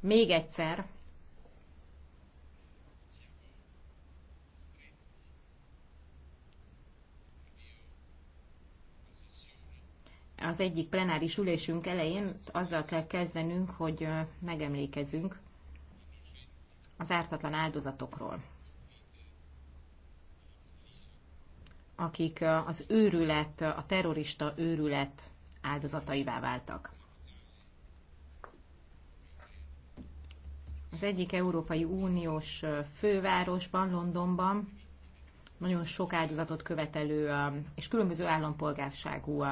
még egyszer az egyik plenáris ülésünk elején azzal kell kezdenünk, hogy megemlékezünk az ártatlan áldozatokról, akik az őrület, a terrorista őrület áldozataivá váltak. az egyik Európai Uniós fővárosban, Londonban nagyon sok áldozatot követelő és különböző állampolgárságú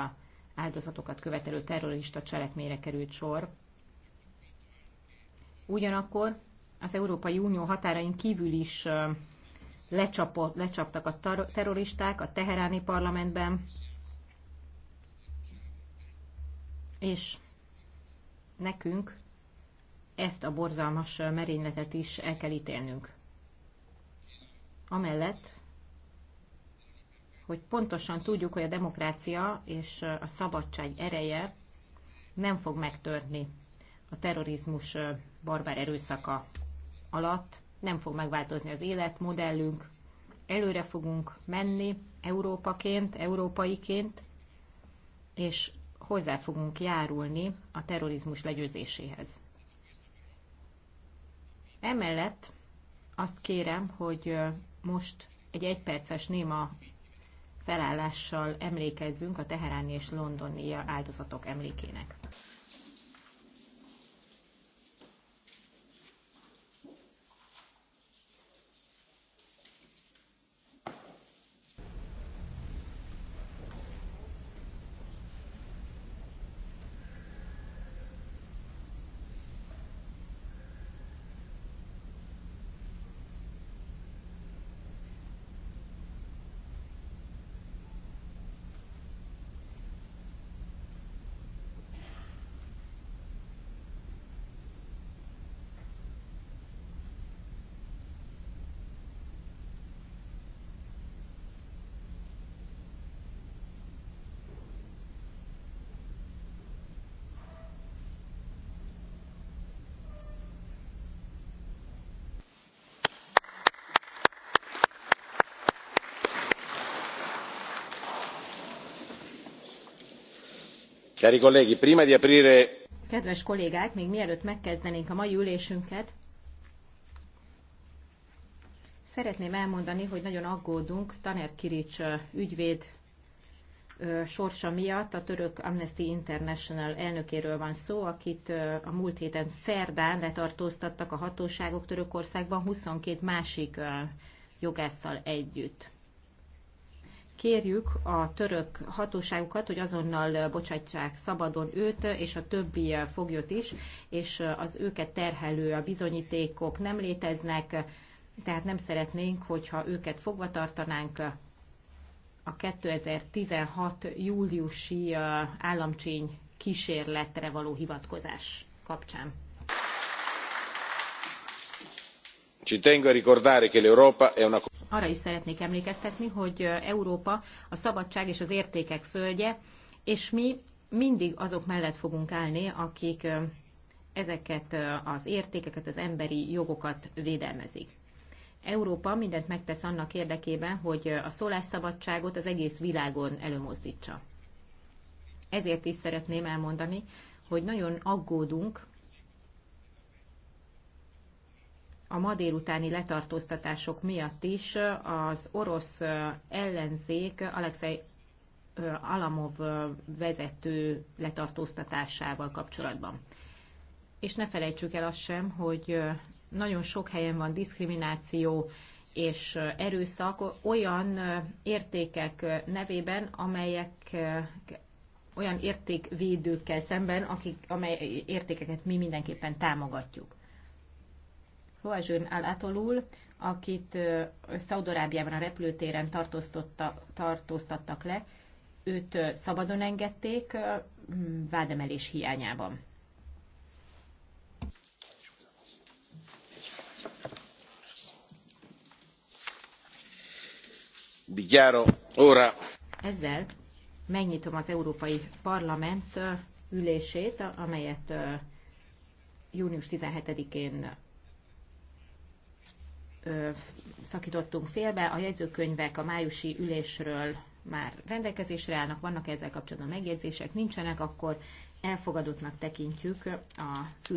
áldozatokat követelő terrorista cselekményre került sor. Ugyanakkor az Európai Unió határain kívül is lecsapott, lecsaptak a terroristák a teheráni parlamentben, és nekünk ezt a borzalmas merényletet is el kell ítélnünk. Amellett, hogy pontosan tudjuk, hogy a demokrácia és a szabadság ereje nem fog megtörni a terrorizmus barbár erőszaka alatt, nem fog megváltozni az életmodellünk, előre fogunk menni Európaként, európaiként, és hozzá fogunk járulni a terrorizmus legyőzéséhez. Emellett azt kérem, hogy most egy egyperces néma felállással emlékezzünk a teheráni és londoni áldozatok emlékének. Cari colleghi, prima di aprire... Kedves kollégák, még mielőtt megkezdenénk a mai ülésünket, szeretném elmondani, hogy nagyon aggódunk Taner Kirics ügyvéd sorsa miatt a török Amnesty International elnökéről van szó, akit a múlt héten szerdán letartóztattak a hatóságok Törökországban 22 másik jogásszal együtt kérjük a török hatóságokat, hogy azonnal bocsátsák szabadon őt és a többi foglyot is, és az őket terhelő a bizonyítékok nem léteznek, tehát nem szeretnénk, hogyha őket fogva tartanánk a 2016. júliusi államcsény kísérletre való hivatkozás kapcsán. Ci tengo a ricordare che l'Europa è una arra is szeretnék emlékeztetni, hogy Európa a szabadság és az értékek földje, és mi mindig azok mellett fogunk állni, akik ezeket az értékeket, az emberi jogokat védelmezik. Európa mindent megtesz annak érdekében, hogy a szólásszabadságot az egész világon előmozdítsa. Ezért is szeretném elmondani, hogy nagyon aggódunk a ma délutáni letartóztatások miatt is az orosz ellenzék Alexei Alamov vezető letartóztatásával kapcsolatban. És ne felejtsük el azt sem, hogy nagyon sok helyen van diszkrimináció és erőszak olyan értékek nevében, amelyek olyan értékvédőkkel szemben, akik, amely értékeket mi mindenképpen támogatjuk. Hoazsőn Al-Atolul, akit Szaudorábiában a repülőtéren tartóztattak le, őt szabadon engedték vádemelés hiányában. Dichiaro ora. Ezzel megnyitom az Európai Parlament ülését, amelyet június 17-én szakítottunk félbe, a jegyzőkönyvek a májusi ülésről már rendelkezésre állnak, vannak ezzel kapcsolatban megjegyzések, nincsenek, akkor elfogadottnak tekintjük a szülés